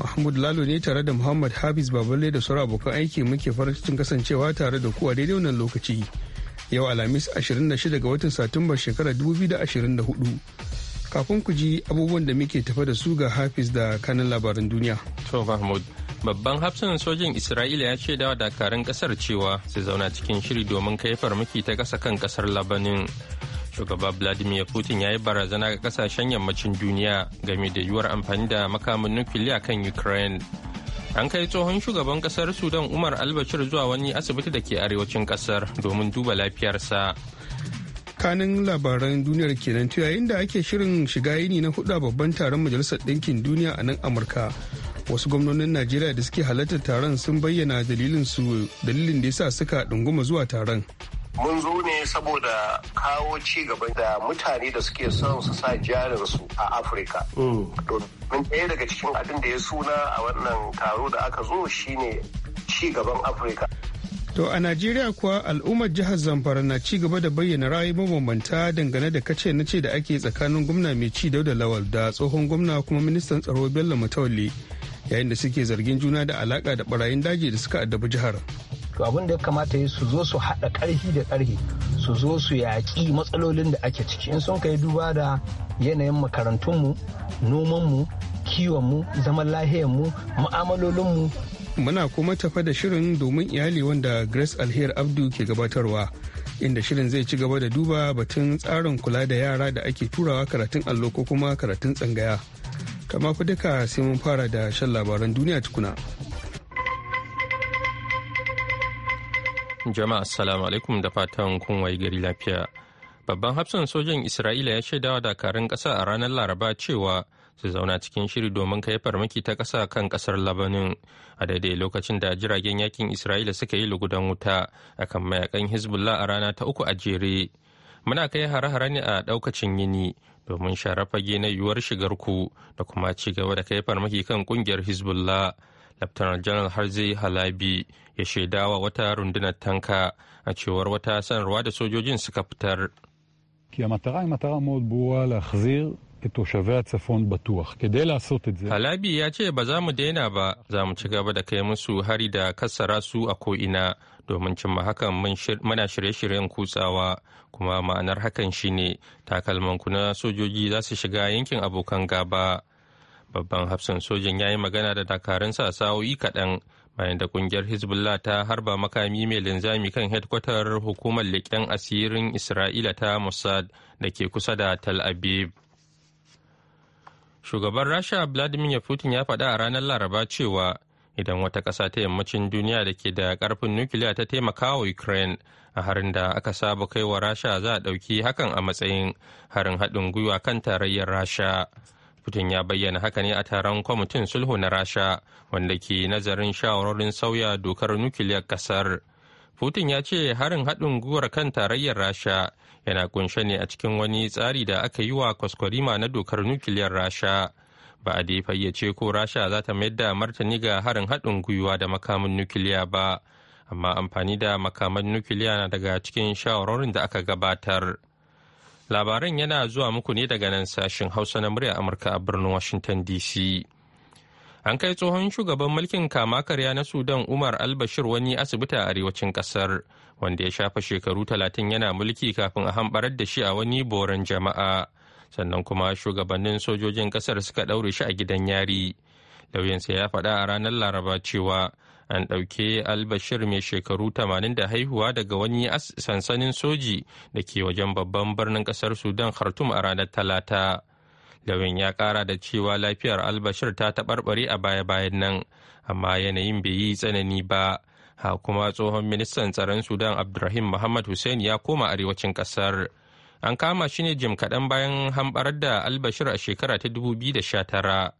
Mahmud Lalo ne tare da Muhammad Hafiz Baballe da sauran abokan aiki muke farin cikin kasancewa tare da ku a daidai wannan lokaci. Yau Alhamis 26 ga watan Satumba shekarar 2024. Kafin ku ji abubuwan da muke tafa da su ga Hafiz da kanin labaran duniya. To babban hafsan sojin Isra'ila ya ce dawa dakarun kasar cewa su zauna cikin shiri domin kai farmaki ta kasa kan kasar Labanin. shugaba vladimir putin ya yi barazana ga kasashen yammacin duniya game da yiwuwar amfani da makamin nukiliya kan ukraine an kai tsohon shugaban kasar sudan umar albashir zuwa wani asibiti da ke arewacin kasar domin duba lafiyarsa kanin labaran duniyar kenan tu yayin da ake shirin shiga yini na hudu babban taron majalisar ɗinkin duniya a nan amurka wasu gwamnonin najeriya da suke halartar taron sun bayyana dalilin da ya sa suka ɗunguma zuwa taron mun zo ne saboda kawo ci gaba da mutane da suke son su sa jarinsu a afirka mm. domin ɗaya daga cikin abin da ya suna a wannan taro da aka zo shine ci gaban afirka To a Najeriya kuwa al'ummar jihar Zamfara na ci gaba da bayyana ra'ayi mabambanta dangane da kace na ce da ake tsakanin gwamna mai ci Dauda Lawal da tsohon gwamna kuma ministan tsaro Bello Mutawalle yayin da suke zargin juna da alaka da barayin daji da suka addabi jihar. to abin da ya kamata yi su zo su haɗa ƙarfi da ƙarfi su zo su yaƙi matsalolin da ake ciki in sun kai duba da yanayin makarantunmu nomanmu kiwonmu zaman lahiyarmu mu'amalolinmu muna kuma tafa da shirin domin iyali wanda grace alher abdu ke gabatarwa inda shirin zai ci gaba da duba batun tsarin kula da yara da ake turawa karatun allo ko kuma karatun tsangaya kama ku duka sai mun fara da shan labaran duniya tukuna. Jama'a assalamu alaikum da fatan kun wayi gari lafiya. Babban hafsan sojan Isra'ila ya shaidawa dakarun ƙasa a ranar Laraba cewa su zauna cikin shiri domin kai farmaki ta ƙasa kan ƙasar Labanin a daidai lokacin da jiragen yakin Isra'ila suka yi lugudan wuta akan mayakan Hezbollah a rana ta uku a jere. Muna kai hare-hare ne a ɗaukacin yini domin share fage na yiwuwar shigar ku da kuma ci gaba da kai farmaki kan ƙungiyar Hezbollah. Laftanar Janar Harzi Halabi ya shaidawa wata rundunar tanka a cewar wata sanarwa da sojojin suka fitar. E halabi ya ce ba za mu daina ba za mu ci gaba da kai musu hari da kassara su a ko'ina domin cimma hakan muna shirye-shiryen kutsawa kuma ma'anar hakan shine takalmanku na sojoji za su shiga yankin abokan gaba babban hafsan sojan ya yi magana da dakaransa a sa'o'i kaɗan bayan da ƙungiyar hezbollah ta harba makami mai linzami kan hedkwatar hukumar leƙen asirin isra'ila ta mossad da ke kusa da tel aviv shugaban rasha vladimir putin ya faɗa a ranar laraba cewa idan wata ƙasa ta yammacin duniya da ke da ƙarfin nukiliya ta taimaka wa ukraine a harin da aka saba kai wa rasha za a ɗauki hakan a matsayin harin haɗin gwiwa kan tarayyar rasha Putin ya bayyana haka ne a taron kwamitin sulhu na Rasha wanda ke nazarin shawarorin sauya dokar nukiliyar kasar. Putin ya ce harin haɗin gwiwar kan tarayyar Rasha yana kunshe ne a cikin wani tsari da aka yi wa kwaskwarima na dokar nukiliyar Rasha. Ba a ya ce ko Rasha za ta mayar da martani ga harin haɗin gwiwa da makamin nukiliya ba, amma amfani da makaman nukiliya na daga cikin shawarorin da aka gabatar. Labaran yana zuwa muku ne daga nan sashen Hausa na murya Amurka a birnin Washington DC. An kai tsohon shugaban mulkin kama karya na Sudan Umar albashir wani asibiti a arewacin kasar wanda ya shafa shekaru talatin yana mulki kafin a hambarar da shi a wani boran jama'a. Sannan kuma shugabannin sojojin kasar suka ɗaure shi a gidan yari. Lauyansa ya faɗa a ranar Laraba cewa an ɗauke albashir mai shekaru 80 da haihuwa daga wani sansanin soji da ke wajen babban birnin ƙasar sudan khartum a ranar talata lawin ya ƙara da cewa lafiyar albashir ta taɓarɓare a baya-bayan nan amma yanayin bai yi tsanani ba ha kuma tsohon ministan tsaron sudan abdulrahim muhammad hussein ya koma arewacin ƙasar an kama shi ne jim kaɗan bayan hambarar da albashir a shekara ta 2019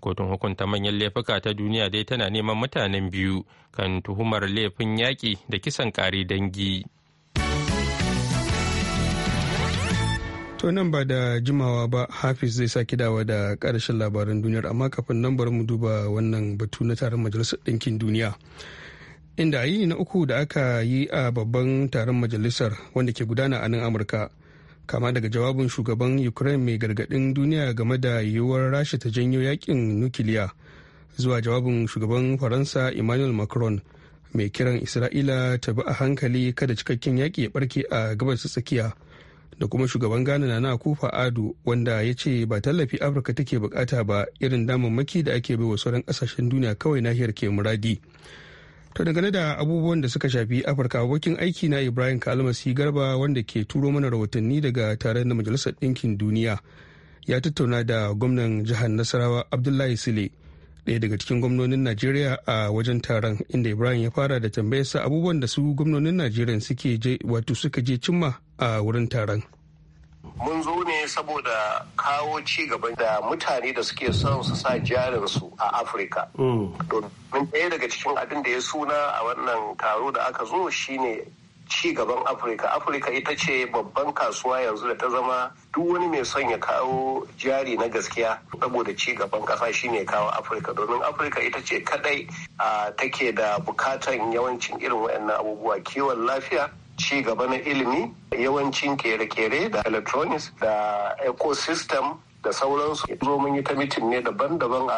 kotun hukunta manyan laifuka ta duniya dai tana neman mutanen biyu kan tuhumar laifin yaƙi da kisan ƙari dangi to nan ba da jimawa ba hafiz zai sake dawa da ƙarshen labaran duniyar amma kafin nan bari mu duba wannan batu na taron majalisar ɗinkin duniya inda na uku da aka yi a babban taron majalisar wanda ke gudana a nan amurka kama daga jawabin shugaban ukraine mai gargadin duniya game da yiwuwar rasha ta janyo yakin nukiliya zuwa jawabin shugaban faransa emmanuel macron mai kiran isra'ila ta bi a hankali kada cikakken yaƙi ya barke a gabas ta tsakiya da kuma shugaban ghana na kufa ado wanda ya ce ba tallafi afirka take bukata ba irin damammaki da ake bai wa sauran kasashen duniya kawai nahiyar ke muradi To dangane da abubuwan da suka shafi Afirka abokin aiki na Ibrahim Kalmasi Garba wanda ke turo mana rahotanni daga taron da Majalisar Ɗinkin Duniya ya tattauna da gwamnan jihar Nasarawa Abdullahi Sile ɗaya daga cikin gwamnonin Najeriya a wajen taron inda Ibrahim ya fara da tambayarsa abubuwan da su gwamnonin Najeriya suke je wato suka je cimma a wurin taron. mun zo ne saboda kawo ci gaba da mutane da suke son su sa jarinsu a afirka mm. domin ɗaya daga cikin abin da ya suna a wannan taro da aka zo shine ci gaban afirka afirka ita ce babban kasuwa yanzu da ta zama duk wani mai son ya kawo jari na gaskiya saboda ci gaban kasa shine kawo afirka domin afirka ita ce kadai take da bukatan yawancin irin waɗannan abubuwa kiwon lafiya ci gaba na ilimi yawancin kere-kere da electronics da ecosystem da sauransu zo mun yi ta mitin ne daban-daban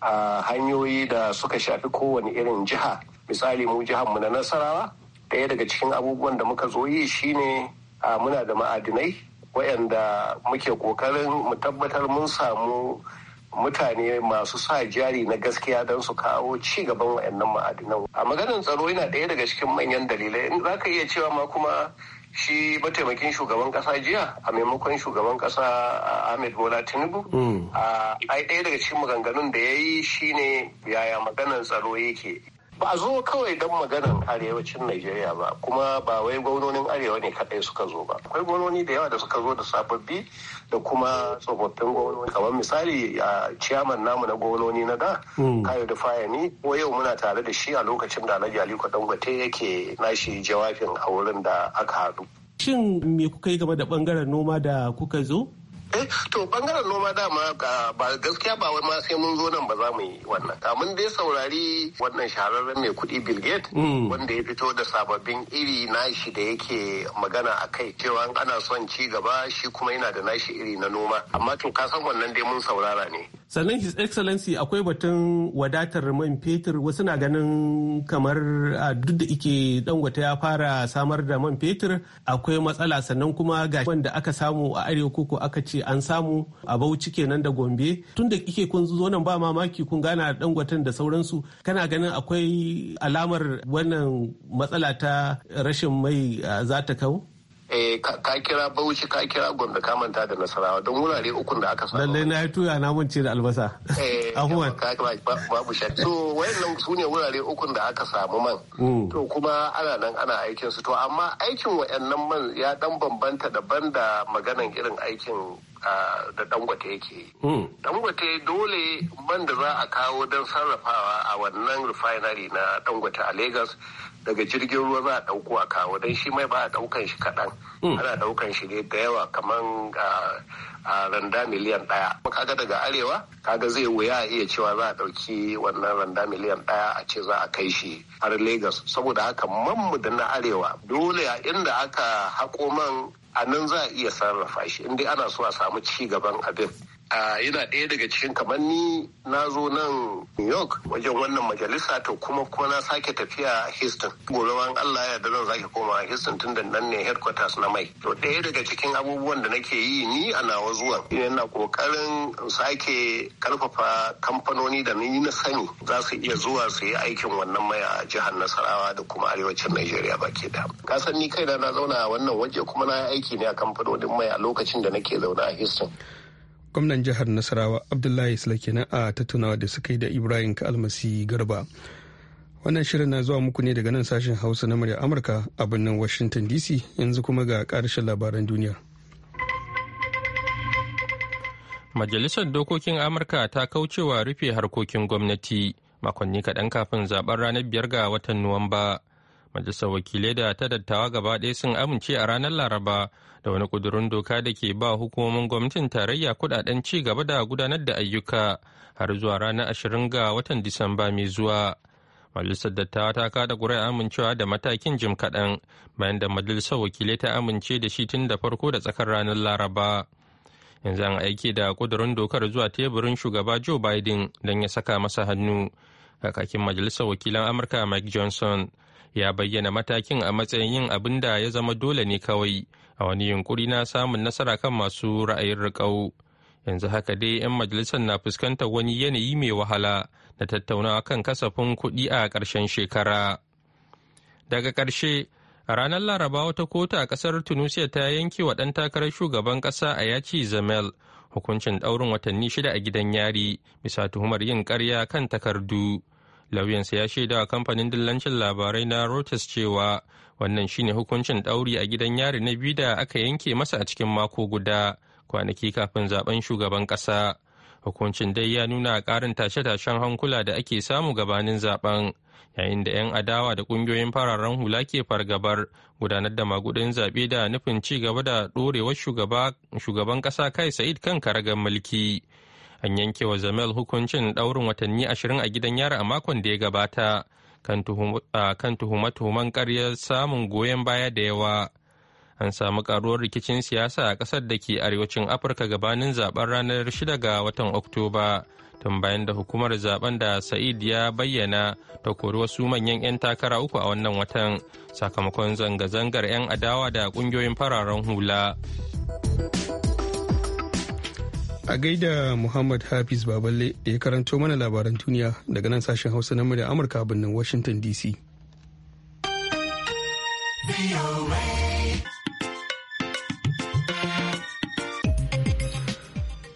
a hanyoyi da suka shafi kowane irin jiha misali mu jihar mu na nasarawa ɗaya daga cikin abubuwan da muka zo yi shine muna da ma'adinai waɗanda muke ƙoƙarin mu tabbatar mun samu mutane masu sa jari na gaskiya don su kawo ci gaban wayannan ma'adinan a maganin tsaro yana ɗaya daga cikin manyan dalilai in za ka iya cewa ma kuma shi mataimakin shugaban kasa jiya a maimakon shugaban kasa ahmed bola tinubu mm. a ɗaya daga cikin maganganun da ya yi shine yaya maganar tsaro yake ba a zo kawai don maganan arewacin Najeriya ba kuma ba wai gwamnonin arewa ne kadai suka zo ba akwai gwamnoni da yawa da suka zo da sababbi da kuma tsofaffin gwamnoni kamar misali a ciyaman namu na gwamnoni na da kayo da ni. ko yau muna tare da shi a lokacin da Alhaji Aliko Dangote yake nashi jawabin a wurin da aka haɗu. Shin me kuka yi game da bangaren noma da kuka zo? eh to bangaren noma dama ba gaskiya ba wai ma sai mun zo nan ba za mu yi wannan mun dai saurari wannan shahararren mai kuɗi bill gates mm. wanda ya fito da sababbin iri nashi da yake magana a kai cewa ana son ci gaba shi kuma yana da nashi iri na noma amma to ka san wannan dai mun saurara ne sannan his excellency akwai batun wadatar man fetur wasu na ganin kamar a duk da ike dangwata ya fara samar da man fetur akwai matsala sannan kuma ga wanda aka samu a arewa koko aka ce an samu a bauchi kenan da gombe tun da ike kun zo nan ba mamaki kun gana dangwatan da sauransu kana ganin akwai alamar wannan matsala ta rashin mai za ta kawo Eh, ka kira bauchi ka kira gombe ka manta da nasarawa don wurare ukun da aka samu lallai na yi tuya na mance da albasa eh, abubuwan babu shak so wayannan su ne wurare ukun da aka samu man mm. to kuma ana nan ana aikin su to amma aikin wayannan man ya dan bambanta daban da maganan irin aikin da dangote yake mm. dangote dole man da za a kawo don sarrafawa a wannan refinery na dangote a lagos daga jirgin ruwa za a ɗauko a kawo don shi mai ba a ɗaukan shi kaɗan hmm. ana ɗaukan shi ne da yawa kamar a randa miliyan ɗaya kaga daga arewa kaga zai wuya a iya cewa za a ɗauki wannan randa miliyan ɗaya a ce za a kai shi har lagos saboda haka manmu da na arewa dole a inda aka hako man a nan za a iya sarrafa shi inda ana so a samu ci gaban abin yana ɗaya daga cikin kamar ni na zo nan new york wajen wannan majalisa to kuma kuma na sake tafiya a houston gobe allah ya zan sake koma a houston tun da nan ne headquarters na mai to ɗaya daga cikin abubuwan da nake yi ni a nawa ina yana kokarin sake karfafa kamfanoni da ni na sani za su iya zuwa su yi aikin wannan mai a jihar nasarawa da kuma arewacin nigeria baki da ka san ni kaina na zauna a wannan waje kuma na yi aiki ne a kamfanonin mai a lokacin da nake zauna a houston gwamnan jihar nasarawa abdullahi sula kenan a tattaunawa da suka yi da ibrahim kalmasi garba wannan shirin na zuwa muku ne daga nan sashen hausa na murya amurka a birnin washington dc yanzu kuma ga karshen labaran duniya majalisar dokokin amurka ta kaucewa rufe harkokin gwamnati makonni kaɗan kafin zaben ranar biyar ga watan nuwamba majalisar wakilai da ta dattawa gaba ɗaya sun amince a ranar laraba da wani kudurin doka da ke ba hukumomin gwamnatin tarayya kudaden ci gaba da gudanar da ayyuka har zuwa ranar ashirin ga watan disamba mai zuwa majalisar dattawa ta kada ƙuri'a amincewa da matakin jim kaɗan bayan da majalisar wakilai ta amince da shi tun da farko da tsakar ranar laraba yanzu an aiki da kudurin dokar zuwa teburin shugaba joe biden don ya saka masa hannu kakakin majalisar wakilan amurka mike johnson ya bayyana matakin a matsayin yin abin da ya zama dole ne kawai a wani yunkuri na samun nasara kan masu ra'ayin rika'u yanzu haka dai 'yan majalisar na fuskantar wani yanayi mai wahala na tattaunawa kan kasafin kuɗi a ƙarshen shekara daga ƙarshe a ranar laraba wata kotu a ƙasar tunisia ta yanke wa ɗan takarar shugaban ƙasa a yaci zamel hukuncin ɗaurin watanni shida a gidan yari bisa tuhumar yin ƙarya kan takardu lauyansa ya shaidawa kamfanin dillancin labarai na Reuters cewa wannan shine hukuncin ɗauri a gidan yari na biyu da aka yanke masa a cikin mako guda kwanaki kafin zaben shugaban ƙasa hukuncin dai ya nuna ƙarin tashe-tashen hankula da ake samu gabanin zaben yayin da 'yan adawa da ƙungiyoyin fararen hula ke fargabar gudanar da magudin zaɓe da nufin ci gaba da ɗorewar shugaban ƙasa kai sa'id kan karagar mulki an yankewa zamel hukuncin ɗaurin watanni ashirin a gidan yari a makon da ya gabata kan tuhume-tuhumen karyar samun goyon baya da yawa an samu karuwar rikicin siyasa a kasar da ke arewacin afirka gabanin zaben ranar 6 ga watan oktoba tun bayan da hukumar zaben da sa'id ya bayyana ta kori wasu manyan 'yan takara uku a wannan watan sakamakon zanga-zangar 'yan adawa da ƙungiyoyin fararen hula. a gaida Muhammad Hafiz Baballe da ya karanto mana labaran duniya daga nan sashen Hausa na murya Amurka birnin Washington DC.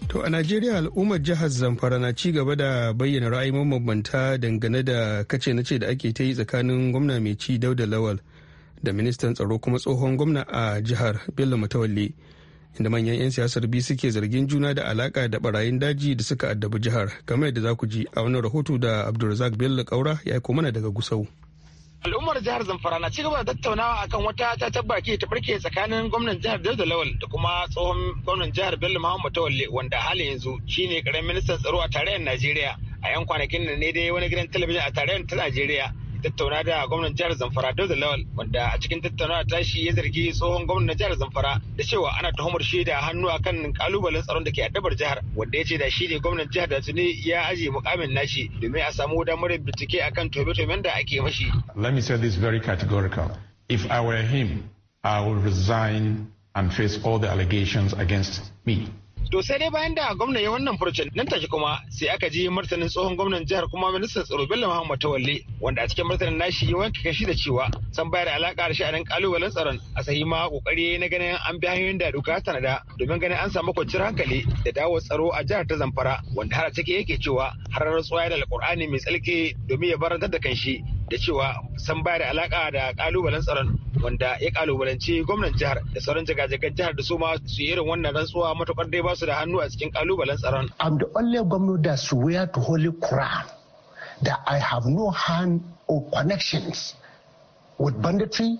To a Najeriya al'ummar jihar Zamfara na ci gaba da bayyana ra'ayin mabambanta dangane da kace na ce da ake ta yi tsakanin gwamna mai ci Dauda Lawal da ministan tsaro kuma tsohon gwamna a jihar Bello Matawalle. inda manyan 'yan siyasar biyu suke zargin juna da alaka da barayin daji da suka addabi jihar kamar yadda za ku ji a wani rahoto da abdulrazak bello kaura ya aiko mana daga gusau al'ummar jihar zamfara na cigaba da tattaunawa akan wata ta tabbaki ta barke tsakanin gwamnan jihar bello lawal da kuma tsohon gwamnan jihar bello muhammad tawalle wanda hali yanzu shine karamin ministan tsaro a tarayyar najeriya a yan kwanakin nan ne dai wani gidan talabijin a tarayyar ta najeriya tattauna da gwamnan jihar Zamfara Dauda Lawal wanda a cikin tattaunawa ta shi ya zargi tsohon gwamnan jihar Zamfara da cewa ana tuhumar shi da hannu akan kalubalen tsaron da ke addabar jihar wanda ya ce da shi ne gwamnan jihar da tuni ya aje mukamin nashi domin a samu damar bincike akan tobe tomen da ake mashi. Let me say this very categorical. If I were him, I would resign and face all the allegations against me. To sai dai bayan da gwamna ya wannan furucin nan take kuma sai aka ji martanin tsohon gwamnan jihar kuma ministan tsaro Bello Muhammad Tawalle wanda a cikin martanin nashi ya wanke kashi da cewa san bayar alaka da sha'anin kalubalen tsaron a sahi ma kokari na ganin an bi hanyoyin da doka nada. domin ganin an samu kwanciyar hankali da dawo tsaro a jihar ta Zamfara wanda har a take yake cewa har tsoya da Alkur'ani mai tsalke domin ya barantar da kanshi da cewa san baya da alaka da kalubalen tsaron wanda ya kalubalanci gwamnan jihar da sauran jagajagan jihar da su ma su yi irin wannan rantsuwa matukar dai ba su da hannu a cikin kalubalen tsaron. I'm the only governor that swear to Holy Quran that I have no hand or connections with banditry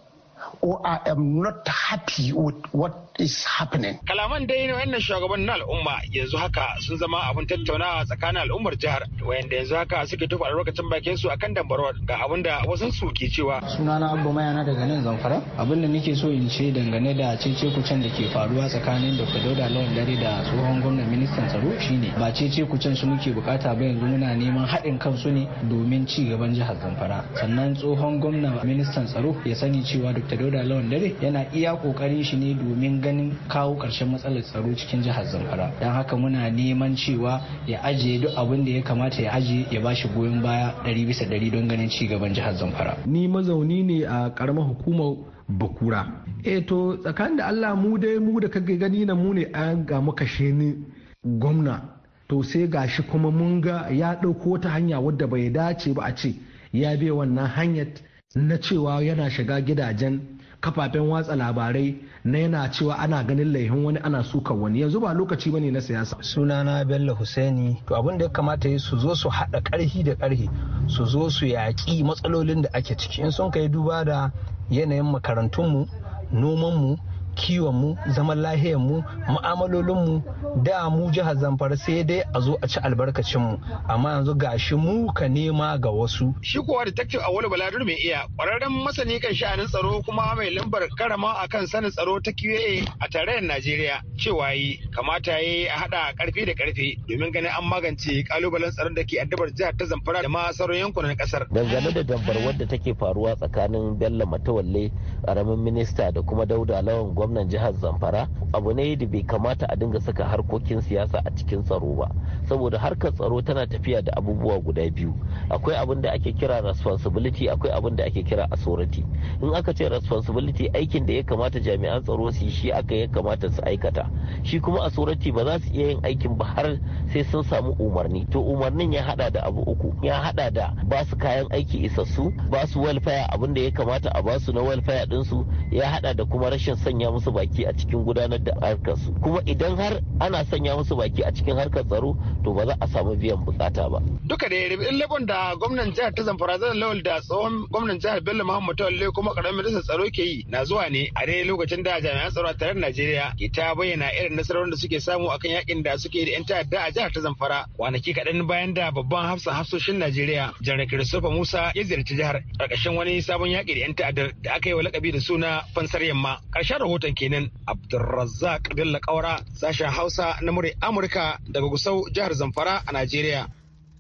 or I am not happy with what is happening. Kalaman dai na wannan shugaban na al'umma yanzu haka sun zama abin tattaunawa tsakanin al'ummar jihar wayanda yanzu haka suke tufa lokacin bakin su akan dambarwa ga abin da wasu su ke cewa. Sunana Abba Mayana daga nan Zamfara abin da nake so in ce dangane da cece kucen da ke faruwa tsakanin Dr. Dauda Lawan Dare da tsohon gwamnan ministan tsaro shine ba cece kucen su muke bukata ba yanzu muna neman haɗin su ne domin ci gaban jihar Zamfara sannan tsohon gwamnan ministan tsaro ya sani cewa Dr. Dauda Lawan Dare yana iya kokarin shi ne domin ganin kawo karshen matsalar tsaro cikin jihar zamfara don haka muna neman cewa ya ajiye duk abin da ya kamata ya ajiye ya ba shi goyon baya ɗari bisa ɗari don ganin ci gaban jihar zamfara ni mazauni ne a ƙaramar hukumar bakura eto eh to tsakanin da allah mu dai mu da kage gani na mu ne an ga muka ni gwamna to sai gashi kuma mun ga ya ɗauko wata hanya wadda bai dace ba a ce ya bi wannan hanyar na cewa yana shiga gidajen kafafen watsa labarai na yana cewa ana ganin laihin wani ana sukan wani yanzu ba lokaci bane na siyasa sunana bello husaini to abin da ya kamata yi su zo su haɗa ƙarfi da ƙarfi su zo su yaƙi matsalolin da ake ciki in sun kai duba da yanayin makarantunmu nomanmu kiwon mu zaman lahiyar mu mu'amalolin mu da mu jihar zamfara sai dai a zo a ci albarkacin mu amma yanzu gashi mu ka nema ga wasu shi kuwa detective awolu baladur mai iya kwararren masani kan sha'anin tsaro kuma mai lambar karama akan sanin tsaro ta QA a tarayyar Najeriya cewa yi kamata ya a hada karfi da karfi domin ganin an magance kalubalen tsaron da ke addabar jihar ta Zamfara da ma sauran yankunan kasar dangane da dambar wadda take faruwa tsakanin Bello Matawalle karamin minista da kuma Dauda Lawan gwamnan jihar zamfara abu ne da bai kamata a dinga saka harkokin siyasa a cikin tsaro ba saboda harkar tsaro tana tafiya da abubuwa guda biyu akwai abin da ake kira responsibility akwai abin da ake kira authority in aka ce responsibility aikin da ya kamata jami'an tsaro su shi aka ya kamata su aikata shi kuma authority ba za su iya yin aikin ba har sai sun samu umarni to umarnin ya hada da abu uku ya hada da ba su kayan aiki isassu ba su welfare abin da ya kamata a ba su na welfare dinsu ya hada da kuma rashin sanya musu baki a cikin gudanar da harkarsu kuma idan har ana sanya musu baki a cikin harkar tsaro to ba za a samu biyan bukata ba duka da din labon da gwamnan jihar ta zamfara zan lawal da tsohon gwamnan jihar bello muhammad tawalle kuma karamin ministan tsaro ke yi na zuwa ne a dai lokacin da jami'an tsaro a taron najeriya ke ta bayyana irin nasarorin da suke samu akan yakin da suke da yan ta'adda a jihar ta zamfara kwanaki kaɗan bayan da babban hafsa hafsoshin najeriya janar kirisofa musa ya ziyarci jihar ƙarƙashin wani sabon yaƙi da yan ta'addar da aka yi wa lakabi da suna fansar yamma ƙarshen rahoton rahoton kenan Abdulrazzaq Bello Kaura sashen Hausa na muri Amurka daga Gusau jihar Zamfara a Najeriya.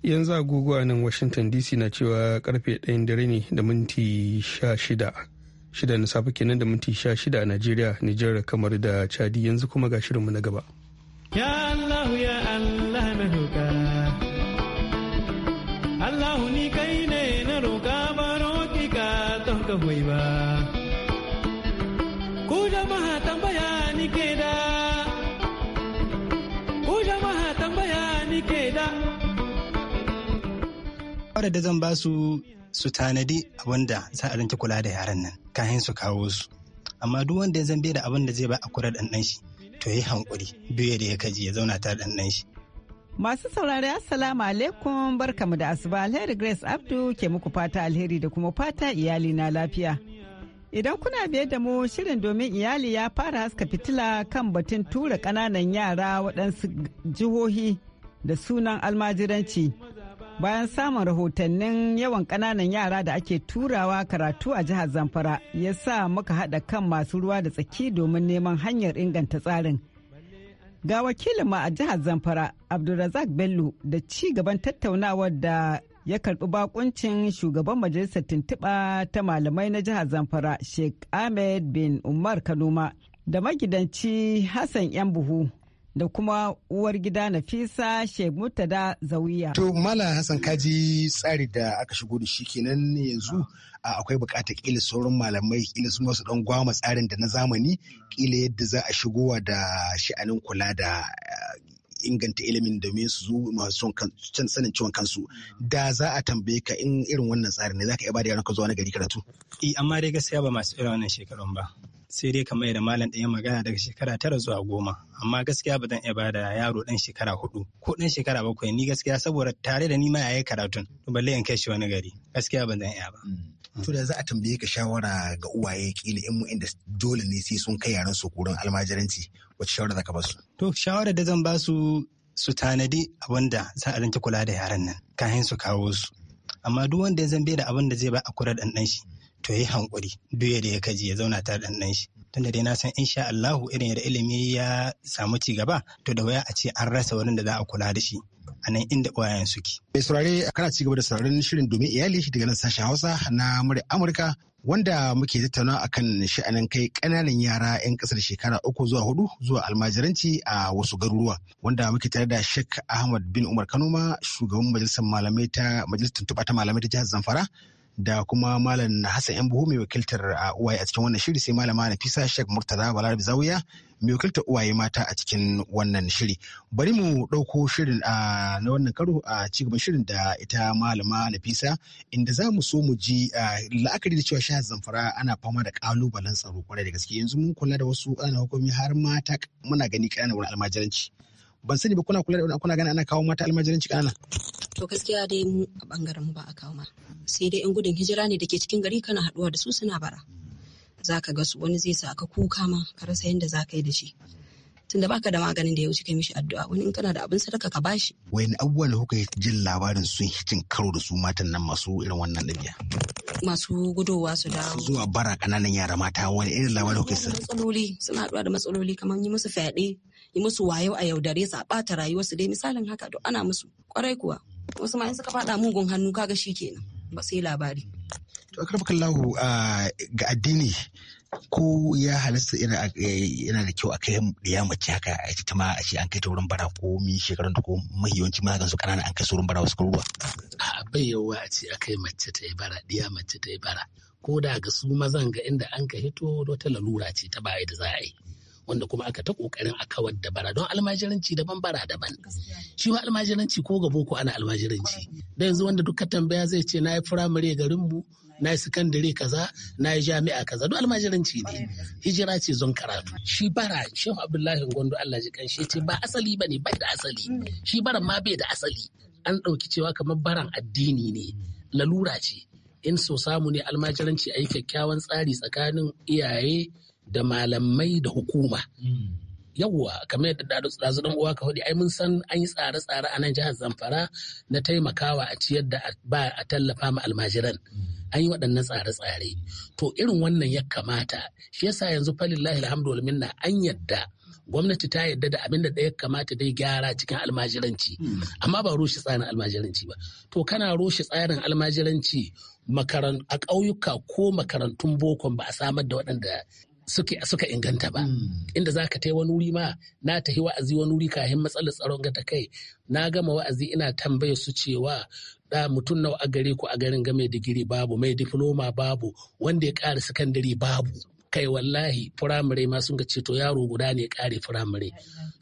Yanzu agogo a nan Washington DC na cewa karfe ɗayan dare ne da minti sha shida. na safe kenan da minti sha shida a Najeriya, Nijar kamar da Chadi yanzu kuma ga shirinmu na gaba. Yan shawarar da zan ba su su tanadi abin da za a rinke kula da yaran nan kayan su kawo su amma duk wanda ya zan da abin da zai ba a kura ɗanɗan shi to yi hankuri biyu da ya kaji ya zauna tare ɗanɗan shi. Masu saurari Assalamu alaikum barkamu da asuba alheri Grace Abdu ke muku fata alheri da kuma fata iyali na lafiya. Idan kuna biye da mu shirin domin iyali ya fara haska fitila kan batun tura ƙananan yara waɗansu jihohi da sunan almajiranci bayan samun rahotannin yawan ƙananan yara da ake turawa karatu a jihar zamfara ya sa muka haɗa kan masu ruwa da tsaki domin neman hanyar inganta tsarin ga wakilin ma a jihar zamfara abdulrazak bello da ci gaban tattaunawar da ya karɓi bakuncin shugaban majalisar tuntuɓa ta malamai na jihar zamfara sheikh ahmed bin umar kanuma da magidanci hassan yan buhu da kuma uwar gida Nafisa Sheikh Murtada Zawiya. To Mala Hassan kaji tsari da aka shigo da shi kenan yanzu akwai bukata kila sauran malamai kila su masu dan gwama tsarin da na zamani kila yadda za a shigowa da sha'anin kula da eh, inganta ilimin domin su zo masu can sanin ciwon kansu da za a tambaye ka in irin wannan tsarin ne za ka iya ba da yaron ka zuwa na gari karatu. Eh amma dai gaskiya ba masu irin wannan shekarun ba. sai dai kamar da malam ɗaya magana daga shekara tara zuwa goma amma gaskiya ba zan iya bada yaro ɗan shekara hudu ko ɗan shekara bakwai ni gaskiya saboda tare da ni ma yayi karatun to balle in kai shi wani gari gaskiya ba zan iya ba. Mm. Mm. to da za a tambaye ka shawara ga uwaye kila in inda dole ne sai sun kai yaran su kurin almajiranci wacce shawara za ka ba su. to shawara da zan ba su su tanadi abinda za a rinta kula da yaran nan kayan su kawo su amma duk wanda ya zambe da abin da zai ba a kura ɗan ɗan shi to yi hankuri duk da ya kaji ya zauna tare da nan shi tunda dai na san insha Allahu irin da ilimi ya samu ci gaba to da waya a ce an rasa wurin da za a kula da shi a nan inda uwayen suke. Mai saurare kana ci gaba da sauraron shirin domin iyali daga nan sashen Hausa na murya Amurka wanda muke tattauna akan sha'anin kai ƙananan yara 'yan ƙasar shekara uku zuwa hudu zuwa almajiranci a wasu garuruwa wanda muke tare da Sheikh Ahmad bin Umar Kanuma, shugaban majalisar malamai ta majalisar tuntuɓa ta malamai ta jihar Zamfara da kuma malam Hassan yan buhu mai wakiltar uwaye a cikin wannan shiri sai malama Nafisa Sheikh Murtala Balarabi Zawiya mai wakiltar uwaye mata a cikin wannan shiri. Bari mu ɗauko shirin a na wannan karo a cigaban shirin da ita malama Nafisa inda za mu so mu ji la'akari da cewa shahar Zamfara ana fama da ƙalubalen tsaro kwarai da gaske yanzu mun kula da wasu ana hukumi har mata muna gani ƙananan wurin almajiranci. Ban sani ba kuna kula da kuna gani ana kawo mata almajiranci ƙanana. to gaskiya dai mu a bangaren mu ba a kawo mana sai dai yan gudun hijira ne da ke cikin gari kana haduwa da su suna bara za ka ga su wani zai sa ka kuka ma ka rasa yadda za ka yi da shi tunda baka da maganin da ya wuce kai mishi addu'a wani in kana da abin sadaka ka bashi wayan abubuwan da kuka jin labarin sun cin karo da su matan nan masu irin wannan ɗabi'a masu gudowa su dawo zuwa bara kananan yara mata wani irin labarin kuka sun matsaloli suna haɗuwa da matsaloli kamar yi musu fyaɗe yi musu wayo a yaudare su a ɓata rayuwarsu dai misalin haka duk ana musu kwarai kuwa wasu ma in suka faɗa mugun hannu kaga shi kenan ba sai labari to akarfa lahu ga addini ko ya halasta yana da kyau a kai ya mace haka a ita ma a ce an kai ta wurin bara ko mi shekarun da ko mahiyanci ma gan su kanana an kai su wurin bara wasu kuruwa a bai yawa a ce a kai mace ta yi bara diya mace ta yi bara ko da ga su mazan ga inda an ka hito wata lalura ce ta baya da za a yi wanda kuma aka ta kokarin a kawar da bara don almajiranci daban bara daban shi ma almajiranci ko ga boko ana almajiranci da yanzu wanda duka tambaya zai ce na yi firamare garin mu na yi sakandare kaza na yi jami'a kaza don almajiranci ne hijira ce zon karatu shi bara shehu abdullahi gondo allah ji kan shi ce ba asali ba ne bai da asali mm. shi baran ma bai da asali an ɗauki cewa kamar baran addini ne lalura ce in so samu ne almajiranci a yi kyakkyawan tsari tsakanin iyaye da malamai da hukuma. yawwa kamar yadda ɗazu ɗan uwa ka hudu ai mun san an yi tsare-tsare a nan jihar zamfara na taimakawa a ciyar da ba a tallafa ma almajiran an yi waɗannan tsare-tsare to irin wannan ya kamata shi yasa yanzu falillahi alhamdu minna an yadda gwamnati ta yadda da abin da ya kamata dai gyara cikin almajiranci amma ba rushe tsarin almajiranci ba to kana rushe tsarin almajiranci a ƙauyuka ko makarantun bokon ba a samar da waɗanda suke suka inganta ba hmm. inda za ka wani wuri ma na tahi wa'azi wani wuri kahin matsalar tsaron ga ta kai na gama wa'azi ina tambaye su cewa da mutum nawa a gare ku a garin game digiri babu mai diploma babu wanda ya kare sakandare babu kai wallahi firamare ma sun ceto to yaro guda ne ya ƙare firamare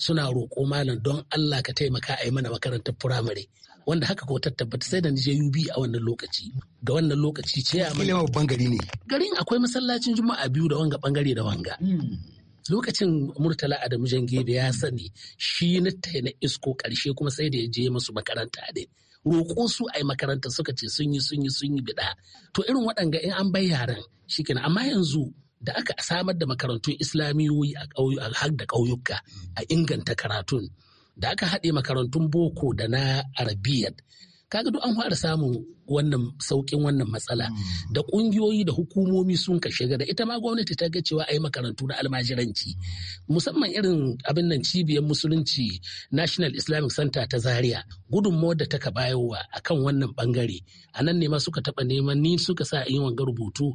suna roƙo malam don Allah ka taimaka a yi mana makarantar firamare wanda haka ko tabbata sai da ni je UB a wannan lokaci ga wannan lokaci ce a mai babban gari ne garin akwai masallacin juma'a biyu da wanga bangare da wanga hmm. lokacin murtala adamu jangebe ya sani shi na na isko karshe kuma sai da ya je masu makaranta ne roƙo su a makaranta suka ce sun yi sun yi sun yi bida to irin waɗanga in an bai yaran shikenan amma yanzu da aka samar da makarantun islamiyoyi a har da ƙauyuka a inganta karatun da aka haɗe makarantun boko da na arabiyat kaga duk an fara samun wannan saukin wannan matsala da kungiyoyi da hukumomi sun ka shiga da ita ma gwamnati ta ga cewa a yi makarantu na almajiranci musamman irin abin nan cibiyar musulunci national islamic center ta zaria gudunmawar da taka bayowa a kan wannan bangare a nan ne ma suka taɓa neman ni suka sa yin wanga rubutu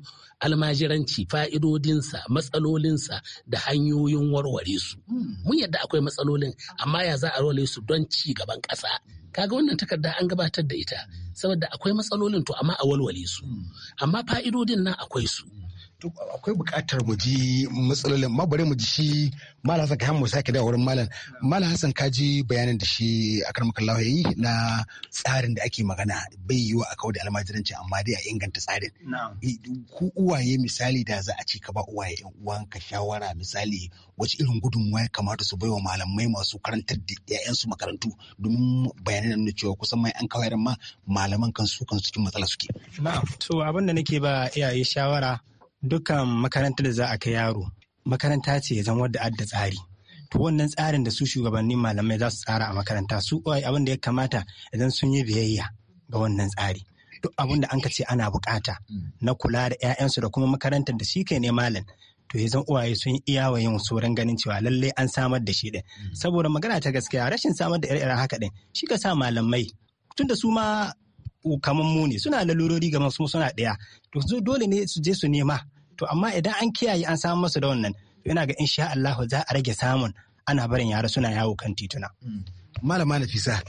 almajiranci fa'idodinsa matsalolinsa da hanyoyin warware su mun yadda akwai matsalolin amma ya za a role su don ci gaban ƙasa kaga wannan takarda an gabatar da ita saboda akwai matsalolin to amma a walwale su hmm. amma fa'idodin nan akwai su hmm. akwai bukatar mu ji matsalolin ma bari mu ji shi malam hassan kai mu sake da wurin malam malam hassan ka ji bayanin da shi a karmakan lawayi na tsarin da ake magana bai yiwa a kawo da almajiranci amma dai a inganta tsarin ku uwaye misali da za a ci ka ba uwaye yan uwanka shawara misali wace irin gudunmuwa ya kamata su bai wa malamai masu karantar da 'ya'yansu makarantu domin bayanan nan cewa kusan mai an kawai ma malaman kansu kansu cikin matsala suke. Na'am, to abin da nake ba iyaye shawara dukkan makarantar da za a kai yaro makaranta ce ya zama wadda adda tsari to wannan tsarin da su shugabanni malamai za su tsara a makaranta su kawai abin da ya kamata idan sun yi biyayya ga wannan tsari duk abin da an ce ana bukata na kula da 'ya'yansu da kuma makarantar da shi ke ne malam to ya zan uwaye sun iya wa yin tsoron ganin cewa lallai an samar da shi din saboda magana ta gaskiya rashin samar da ire-iren haka din shi ka sa malamai tunda su ma kamar mu ne suna lalurori ga masu suna ɗaya to dole ne su je su nema to amma idan an kiyaye an samu masu da wannan yana ga insha Allah za a rage samun ana barin yara suna yawo kan tituna. Malama Nafisa,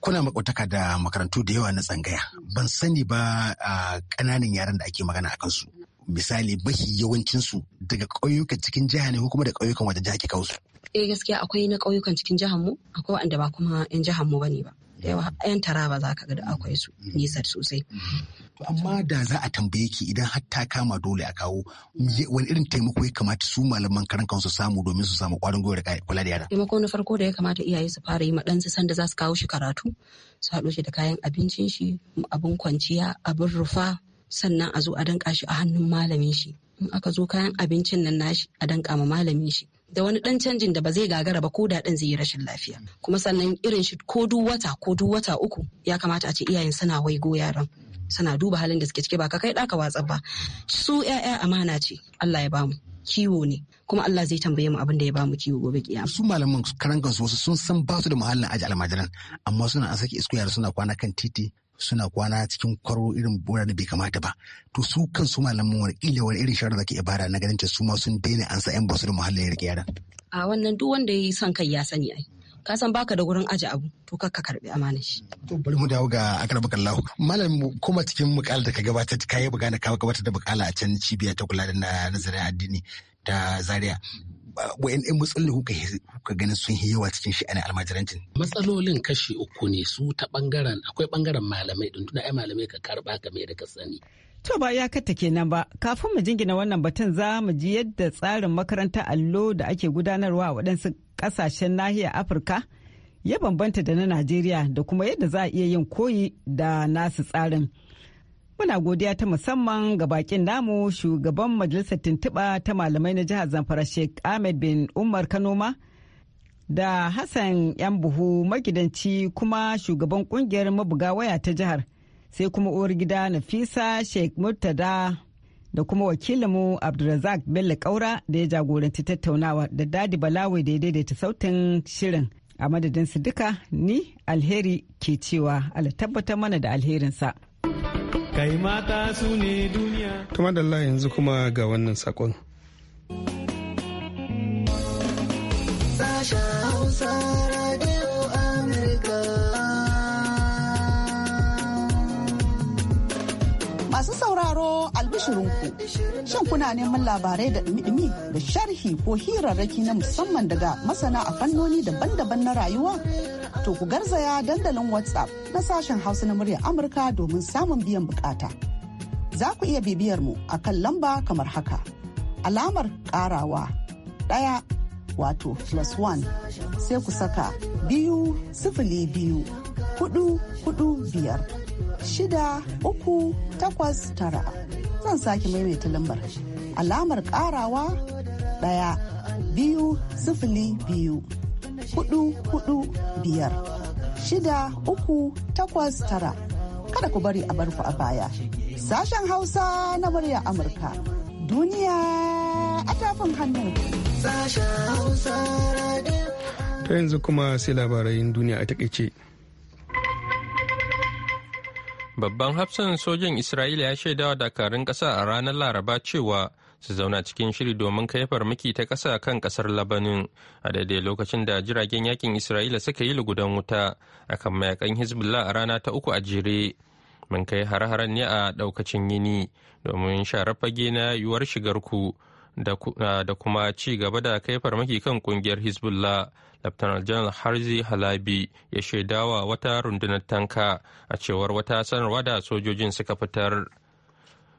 kuna makwataka da makarantu da yawa na tsangaya. Ban sani ba a ƙananan yaran da ake magana a kansu. Misali mafi yawancinsu daga ƙauyukan cikin jiha ne ko kuma da ƙauyukan wata jiha ke kawo su. Eh gaskiya akwai na ƙauyukan cikin jihar mu, akwai wanda ba kuma 'yan jihar mu bane ba. da yawa yan taraba za ka ga da akwai su mm. nisa sosai amma da za a tambaye ki idan har ta kama dole a kawo wani irin taimako ya kamata su malaman karan kansu samu domin su samu kwarin gwiwa da kula da yara taimako na farko da ya kamata iyaye su fara yi ma ɗansu sanda za su kawo shi karatu su haɗo shi da kayan abincin shi abin kwanciya abin rufa sannan a zo a danka shi a hannun malamin shi in aka zo kayan abincin nan nashi a danka ma malamin shi da wani dan canjin da ba zai gagara ba ko da dan zai yi rashin lafiya kuma sannan irin shi ko duk wata ko duk wata uku ya kamata a ce iyayen suna waigo yaran suna duba halin da suke ciki ba ka kai ɗaka watsa ba su ƴaƴa amana ce Allah ya bamu kiwo ne kuma Allah zai tambaye mu abin da ya bamu kiwo gobe kiyama su malaman karan kansu wasu sun san ba su da muhallin aji almajiran amma suna an saki isku yara suna kwana kan titi suna kwana cikin kwaro irin bora da bai kamata ba to su kan su malaman wani ila wani irin sharar da ke ibada na ganin su ma sun daina an sa yan basu da muhallin rike yaran a wannan duk wanda ya yi son kai ya sani ai ka san baka da gurin aje abu to ka karbi amana shi to bari mu dawo ga akarba kallahu malam kuma cikin mukalar da ka gabatar kai bugana ka gabatar da bukala a can cibiya ta kula da nazarin addini ta zaria wayan ɗan matsalolin kuka ganin sun yi yawa cikin shi ana almajiranci. matsalolin kashi uku ne su ta bangaren akwai bangaren malamai din tuna ai malamai ka karba ka mai da ka sani To ba ya kata kenan ba, kafin mu jingina wannan batun za mu ji yadda tsarin makaranta allo da ake gudanarwa a waɗansu ƙasashen nahiyar Afirka ya bambanta da na Najeriya da kuma yadda za a iya yin koyi da nasu tsarin. Muna godiya ta musamman ga bakin namu shugaban majalisar tuntuɓa ta malamai na jihar Zamfara Sheikh Ahmed bin Umar Kanoma da Hassan yan buhu magidanci kuma shugaban kungiyar mabuga waya ta jihar sai kuma uwar gida Nafisa Sheikh Murtada da kuma wakilinmu Abdulrazak Bello Kaura da ya jagoranci tattaunawa da Dadi Balawe da ya daidaita sautin shirin. A madadinsu duka ni alheri ke cewa ala tabbatar mana da alherinsa. kai mata su ne duniya kuma da yanzu kuma ga wannan sakon Masu sauraro albishirinku, shan kuna neman labarai da dumi da sharhi ko hirarraki na musamman daga masana a fannoni daban-daban na rayuwa? to ku garzaya dandalin WhatsApp na sashen Hausa na muryar Amurka domin samun biyan bukata. Za ku iya bibiyar mu a kan lamba kamar haka. Alamar karawa ɗaya wato plus one sai ku saka biyu sifili biyu hudu hudu biyar shida uku takwas tara zan sake maimaita lambar alamar karawa ɗaya biyu sifili biyu hudu biyar shida uku takwas kada ku bari a barku a baya sashen hausa na murya amurka duniya a tafin hannu ta yanzu kuma sai labarai duniya a takaice babban hafsan sojan isra'ila ya shaidawa dakarun ƙasa a ranar laraba cewa su zauna cikin shiri domin kai farmaki ta ƙasa kan ƙasar labanin a daidai lokacin da jiragen yakin isra'ila suka yi lugudan wuta a kan mayakan hezbollah a rana ta uku a jere mun kai hare ne a ɗaukacin yini domin sharar fage na yiwuwar shigar ku da kuma ci gaba da kai farmaki kan ƙungiyar hezbollah laftanar janar harzi halabi ya shaidawa wata rundunar tanka a cewar wata sanarwa da sojojin suka fitar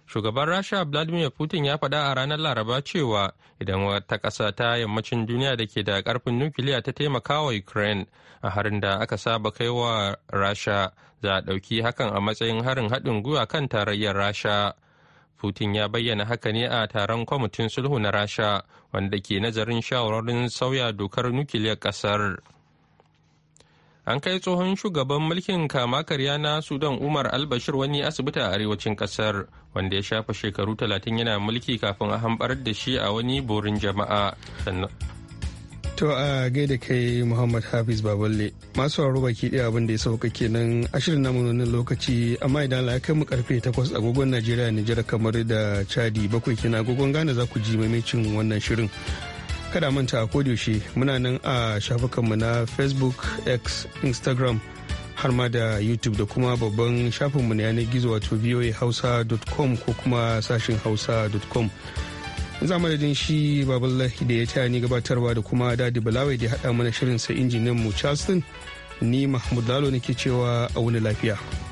Shugaban Rasha Vladimir Putin ya faɗa a ranar Laraba cewa idan wata ƙasa ta yammacin duniya da ke da ƙarfin nukiliya ta taimaka wa Ukraine a harin da aka saba kai wa Rasha za a ɗauki hakan a matsayin harin haɗin gwiwa kan tarayyar Rasha. Putin ya bayyana haka ne a taron kwamitin sulhu na Rasha wanda ke nazarin shawarorin sauya dokar nukiliyar ƙasar. an kai tsohon shugaban mulkin kama karya na sudan umar albashir wani asibiti a arewacin kasar wanda ya shafa shekaru talatin yana mulki kafin a hambar da shi a wani borin jama'a to a gaida kai muhammad hafiz baballe masu sauraro baki ɗaya abin ya sauka kenan ashirin namu wannan lokaci amma idan la kai mu karfe takwas agogon najeriya nijar kamar da chadi bakwai kenan agogon ghana za ku ji maimacin wannan shirin kada manta a kodiyoshe muna nan a shafukanmu na facebook x instagram har ma da youtube da kuma babban shafinmu na yanar gizo wato voahausa.com ko kuma sashin hausa.com za madadin shi baballahi da ya taya ni gabatarwa da kuma dadi balawai da ya haɗa mana shirin sa injiniyan mu charleston ni mahmud lalo nake cewa a wani lafiya